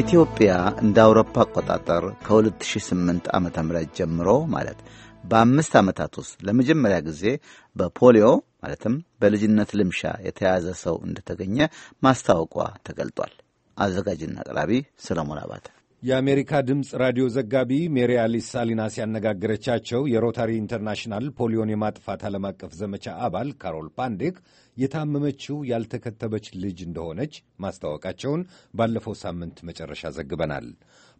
ኢትዮጵያ እንደ አውሮፓ አቆጣጠር ከ2008 ዓ ም ጀምሮ ማለት በአምስት ዓመታት ውስጥ ለመጀመሪያ ጊዜ በፖሊዮ ማለትም በልጅነት ልምሻ የተያዘ ሰው እንደተገኘ ማስታወቋ ተገልጧል። አዘጋጅና አቅራቢ ሰለሞን አባተ የአሜሪካ ድምፅ ራዲዮ ዘጋቢ ሜሪ አሊስ ሳሊናስ ያነጋገረቻቸው የሮታሪ ኢንተርናሽናል ፖሊዮን የማጥፋት ዓለም አቀፍ ዘመቻ አባል ካሮል ፓንዴክ የታመመችው ያልተከተበች ልጅ እንደሆነች ማስታወቃቸውን ባለፈው ሳምንት መጨረሻ ዘግበናል።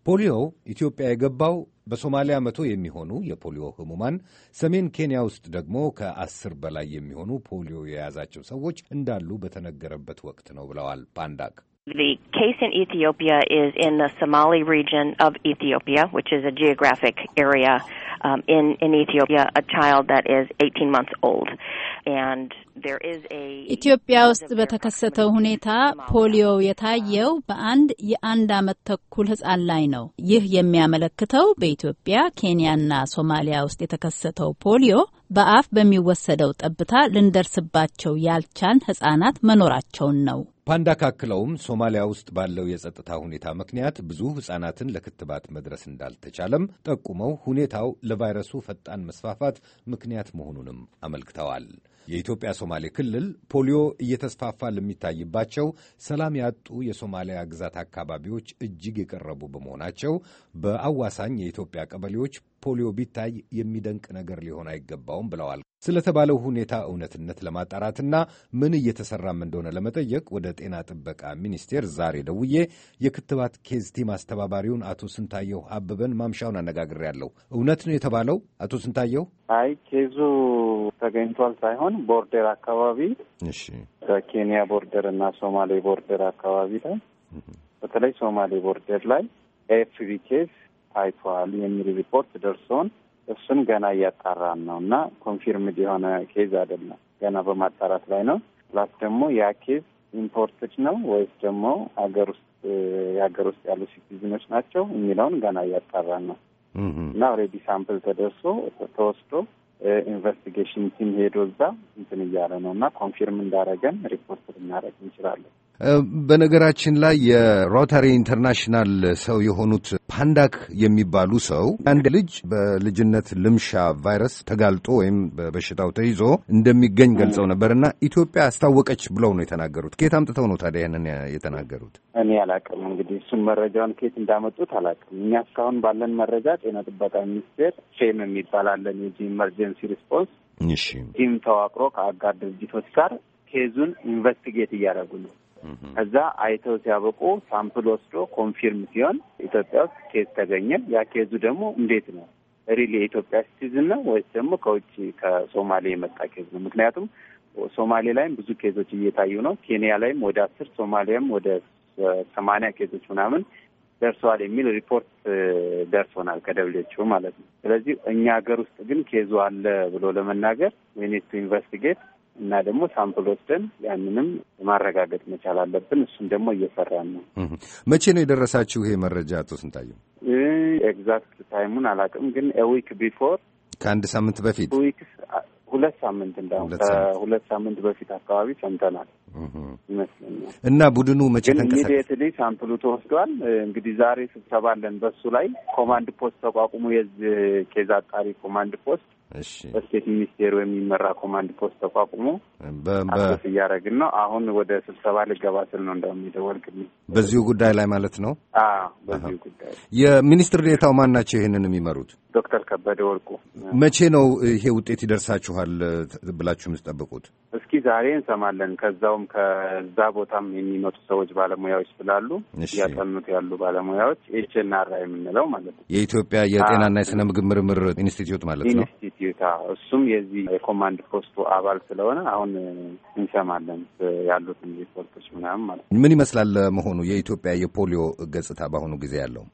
ፖሊዮ ኢትዮጵያ የገባው በሶማሊያ መቶ የሚሆኑ የፖሊዮ ህሙማን፣ ሰሜን ኬንያ ውስጥ ደግሞ ከአስር በላይ የሚሆኑ ፖሊዮ የያዛቸው ሰዎች እንዳሉ በተነገረበት ወቅት ነው ብለዋል ፓንዳክ። The case in Ethiopia is in the Somali region of Ethiopia, which is a geographic area um, in, in Ethiopia, a child that is 18 months old. And there is a ኢትዮጵያ ውስጥ በተከሰተው ሁኔታ ፖሊዮ የታየው በአንድ የአንድ ዓመት ተኩል ህጻን ላይ ነው። ይህ የሚያመለክተው በኢትዮጵያ ኬንያና ሶማሊያ ውስጥ የተከሰተው ፖሊዮ በአፍ በሚወሰደው ጠብታ ልንደርስባቸው ያልቻልን ሕጻናት መኖራቸውን ነው። ፓንዳ ካክለውም ሶማሊያ ውስጥ ባለው የጸጥታ ሁኔታ ምክንያት ብዙ ሕጻናትን ለክትባት መድረስ እንዳልተቻለም ጠቁመው ሁኔታው ለቫይረሱ ፈጣን መስፋፋት ምክንያት መሆኑንም አመልክተዋል። የኢትዮጵያ ሶማሌ ክልል ፖሊዮ እየተስፋፋ ለሚታይባቸው ሰላም ያጡ የሶማሊያ ግዛት አካባቢዎች እጅግ የቀረቡ በመሆናቸው በአዋሳኝ የኢትዮጵያ ቀበሌዎች ፖሊዮ ቢታይ የሚደንቅ ነገር ሊሆን አይገባውም ብለዋል። ስለተባለው ሁኔታ እውነትነት ለማጣራትና ምን እየተሰራም እንደሆነ ለመጠየቅ ወደ ጤና ጥበቃ ሚኒስቴር ዛሬ ደውዬ የክትባት ኬዝ ቲም አስተባባሪውን አቶ ስንታየሁ አበበን ማምሻውን አነጋግሬያለሁ። እውነት ነው የተባለው አቶ ስንታየው? አይ ኬዙ ተገኝቷል ሳይሆን ቦርደር አካባቢ እሺ፣ ከኬንያ ቦርደር እና ሶማሌ ቦርደር አካባቢ ላይ በተለይ ሶማሌ ቦርደር ላይ ኤፍቪ ኬዝ ታይቷል የሚል ሪፖርት ደርሶን እሱን ገና እያጣራን ነው እና ኮንፊርምድ የሆነ ኬዝ አይደለም፣ ገና በማጣራት ላይ ነው። ፕላስ ደግሞ ያ ኬዝ ኢምፖርትድ ነው ወይስ ደግሞ ሀገር ውስጥ የሀገር ውስጥ ያሉ ሲቲዝኖች ናቸው የሚለውን ገና እያጣራን ነው እና ኦልሬዲ ሳምፕል ተደርሶ ተወስዶ ኢንቨስቲጌሽን ቲም ሄዶ እዛ እንትን እያለ ነው እና ኮንፊርም እንዳደረገን ሪፖርት ልናደረግ እንችላለን። በነገራችን ላይ የሮታሪ ኢንተርናሽናል ሰው የሆኑት ፓንዳክ የሚባሉ ሰው አንድ ልጅ በልጅነት ልምሻ ቫይረስ ተጋልጦ ወይም በበሽታው ተይዞ እንደሚገኝ ገልጸው ነበርና ኢትዮጵያ አስታወቀች ብለው ነው የተናገሩት። ከየት አምጥተው ነው ታዲያ ይህንን የተናገሩት? እኔ አላቅም። እንግዲህ እሱን መረጃውን ከየት እንዳመጡት አላቅም። እኛ እስካሁን ባለን መረጃ ጤና ጥበቃ ሚኒስቴር ፌም የሚባላለን የዚህ ኢመርጀንሲ ሪስፖንስ ቲም ተዋቅሮ ከአጋር ድርጅቶች ጋር ኬዙን ኢንቨስቲጌት እያደረጉ ነው። ከዛ አይተው ሲያበቁ ሳምፕል ወስዶ ኮንፊርም ሲሆን ኢትዮጵያ ውስጥ ኬዝ ተገኘ። ያ ኬዙ ደግሞ እንዴት ነው ሪል የኢትዮጵያ ሲቲዝን ነው ወይስ ደግሞ ከውጭ ከሶማሌ የመጣ ኬዝ ነው? ምክንያቱም ሶማሌ ላይም ብዙ ኬዞች እየታዩ ነው። ኬንያ ላይም ወደ አስር ሶማሊያም ወደ ሰማንያ ኬዞች ምናምን ደርሰዋል የሚል ሪፖርት ደርሶናል ከደብሊዎቹ ማለት ነው። ስለዚህ እኛ ሀገር ውስጥ ግን ኬዙ አለ ብሎ ለመናገር ዊኒት ቱ ኢንቨስቲጌት እና ደግሞ ሳምፕል ወስደን ያንንም ማረጋገጥ መቻል አለብን። እሱን ደግሞ እየሰራን ነው። መቼ ነው የደረሳችሁ ይሄ መረጃ አቶ ስንታየ? ኤግዛክት ታይሙን አላውቅም፣ ግን ዊክ ቢፎር ከአንድ ሳምንት በፊት ሁለት ሳምንት እንዳሁን ከሁለት ሳምንት በፊት አካባቢ ሰምተናል ይመስለኛል። እና ቡድኑ መቼ ኢሚዲየትሊ ሳምፕሉ ተወስዷል። እንግዲህ ዛሬ ስብሰባ አለን በሱ ላይ ኮማንድ ፖስት ተቋቁሞ የዚህ ኬዝ አጣሪ ኮማንድ ፖስት በስቴት ሚኒስቴሩ የሚመራ ኮማንድ ፖስት ተቋቁሞ አሰስ እያደረግን ነው። አሁን ወደ ስብሰባ ልገባ ስል ነው እንደውም የደወልክልኝ በዚሁ ጉዳይ ላይ ማለት ነው። በዚሁ ጉዳይ የሚኒስትር ዴታው ማን ናቸው ይህንን የሚመሩት? ዶክተር ከበደ ወርቁ። መቼ ነው ይሄ ውጤት ይደርሳችኋል ብላችሁ የምትጠብቁት? እስኪ ዛሬ እንሰማለን። ከዛውም ከዛ ቦታም የሚመጡ ሰዎች ባለሙያዎች ስላሉ እያጠኑት ያሉ ባለሙያዎች ኤች ኤን አር የምንለው ማለት ነው የኢትዮጵያ የጤናና የስነ ምግብ ምርምር ኢንስቲትዩት ማለት ነው ኢንስቲትዩት። እሱም የዚህ የኮማንድ ፖስቱ አባል ስለሆነ አሁን እንሰማለን ያሉትን ሪፖርቶች ምናምን ማለት ነው። ምን ይመስላል ለመሆኑ የኢትዮጵያ የፖሊዮ ገጽታ በአሁኑ ጊዜ ያለው?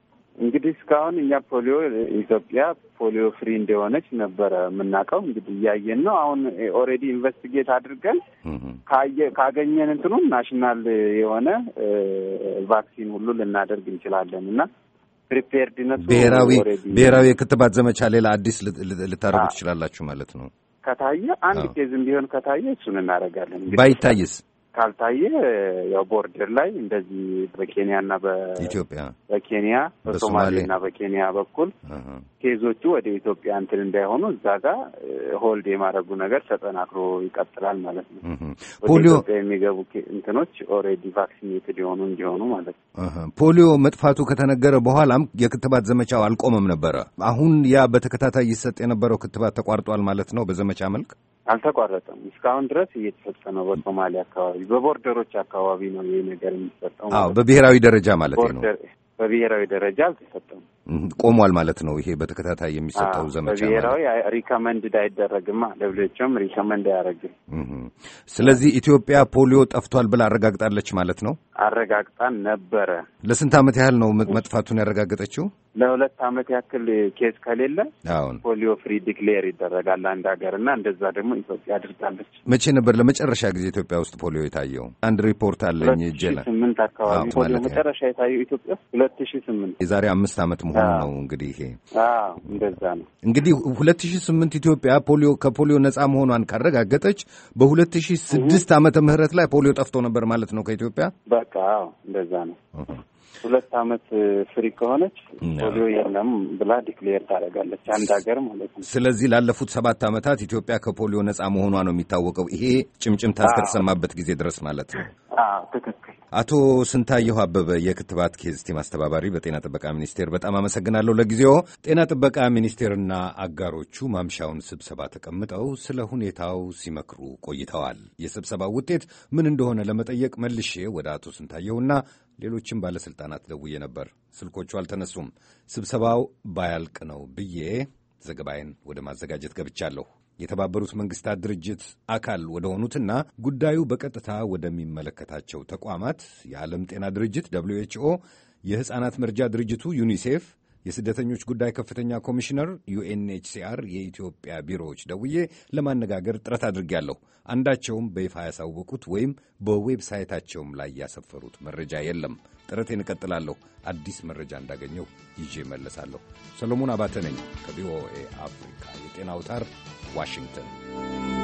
እንግዲህ እስካሁን እኛ ፖሊዮ ኢትዮጵያ ፖሊዮ ፍሪ እንደሆነች ነበረ የምናውቀው። እንግዲህ እያየን ነው። አሁን ኦልሬዲ ኢንቨስቲጌት አድርገን ካገኘን እንትኑ ናሽናል የሆነ ቫክሲን ሁሉ ልናደርግ እንችላለን እና ፕሪፔርድነቱ ብሔራዊ ብሔራዊ የክትባት ዘመቻ ሌላ አዲስ ልታደርጉ ትችላላችሁ ማለት ነው። ከታየ አንድ ኬዝም ቢሆን ከታየ እሱን እናደርጋለን። ባይታይስ ካልታየ ያው ቦርደር ላይ እንደዚህ በኬንያና በኢትዮጵያ በኬንያ በሶማሌና በኬንያ በኩል ኬዞቹ ወደ ኢትዮጵያ እንትን እንዳይሆኑ እዛ ጋር ሆልድ የማድረጉ ነገር ተጠናክሮ ይቀጥላል ማለት ነው። ፖሊዮ ኢትዮጵያ የሚገቡ እንትኖች ኦልሬዲ ቫክሲኔትድ የሆኑ እንዲሆኑ ማለት ነው። ፖሊዮ መጥፋቱ ከተነገረ በኋላም የክትባት ዘመቻው አልቆመም ነበረ። አሁን ያ በተከታታይ ይሰጥ የነበረው ክትባት ተቋርጧል ማለት ነው በዘመቻ መልክ አልተቋረጠም። እስካሁን ድረስ እየተሰጠ ነው። በሶማሊያ አካባቢ በቦርደሮች አካባቢ ነው ይህ ነገር የሚሰጠው። አዎ፣ በብሔራዊ ደረጃ ማለት ነው። በብሔራዊ ደረጃ አልተሰጠም። ቆሟል ማለት ነው። ይሄ በተከታታይ የሚሰጠው ዘመቻ ብሔራዊ ሪከመንድ አይደረግማ፣ ደብሌችም ሪከመንድ አያደረግም። ስለዚህ ኢትዮጵያ ፖሊዮ ጠፍቷል ብላ አረጋግጣለች ማለት ነው። አረጋግጣን ነበረ። ለስንት ዓመት ያህል ነው መጥፋቱን ያረጋገጠችው? ለሁለት ዓመት ያክል ኬስ ከሌለ አሁን ፖሊዮ ፍሪ ዲክሌር ይደረጋል አንድ ሀገር እና እንደዛ ደግሞ ኢትዮጵያ አድርጋለች። መቼ ነበር ለመጨረሻ ጊዜ ኢትዮጵያ ውስጥ ፖሊዮ የታየው? አንድ ሪፖርት አለኝ ጀለ ስምንት አካባቢ ፖሊዮ መጨረሻ የታየው ኢትዮጵያ ውስጥ ሁለት ሺ ስምንት የዛሬ አምስት ዓመት መሆ መሆን ነው። እንግዲህ እንደዛ ነው። እንግዲህ ሁለት ሺ ስምንት ኢትዮጵያ ፖሊዮ ከፖሊዮ ነጻ መሆኗን ካረጋገጠች በሁለት ሺ ስድስት ዓመተ ምህረት ላይ ፖሊዮ ጠፍቶ ነበር ማለት ነው ከኢትዮጵያ። በቃ እንደዛ ነው። ሁለት ዓመት ፍሪ ከሆነች ፖሊዮ የለም ብላ ዲክሌር ታደርጋለች አንድ ሀገር ማለት ነው። ስለዚህ ላለፉት ሰባት ዓመታት ኢትዮጵያ ከፖሊዮ ነጻ መሆኗ ነው የሚታወቀው፣ ይሄ ጭምጭምታ እስከተሰማበት ጊዜ ድረስ ማለት ነው። ትክክል። አቶ ስንታየሁ አበበ የክትባት ኬዝ ቲም አስተባባሪ በጤና ጥበቃ ሚኒስቴር፣ በጣም አመሰግናለሁ። ለጊዜው ጤና ጥበቃ ሚኒስቴርና አጋሮቹ ማምሻውን ስብሰባ ተቀምጠው ስለ ሁኔታው ሲመክሩ ቆይተዋል። የስብሰባው ውጤት ምን እንደሆነ ለመጠየቅ መልሼ ወደ አቶ ስንታየሁና ሌሎችም ባለሥልጣናት ደውዬ ነበር። ስልኮቹ አልተነሱም። ስብሰባው ባያልቅ ነው ብዬ ዘገባዬን ወደ ማዘጋጀት ገብቻለሁ። የተባበሩት መንግስታት ድርጅት አካል ወደ ሆኑትና ጉዳዩ በቀጥታ ወደሚመለከታቸው ተቋማት የዓለም ጤና ድርጅት ደብሊው ኤች ኦ፣ የሕፃናት መርጃ ድርጅቱ ዩኒሴፍ፣ የስደተኞች ጉዳይ ከፍተኛ ኮሚሽነር ዩኤንኤችሲአር የኢትዮጵያ ቢሮዎች ደውዬ ለማነጋገር ጥረት አድርጌያለሁ። አንዳቸውም በይፋ ያሳወቁት ወይም በዌብሳይታቸውም ላይ ያሰፈሩት መረጃ የለም። ጥረቴን እቀጥላለሁ። አዲስ መረጃ እንዳገኘው ይዤ እመለሳለሁ። ሰሎሞን አባተ ነኝ ከቪኦኤ አፍሪካ የጤና አውታር ዋሽንግተን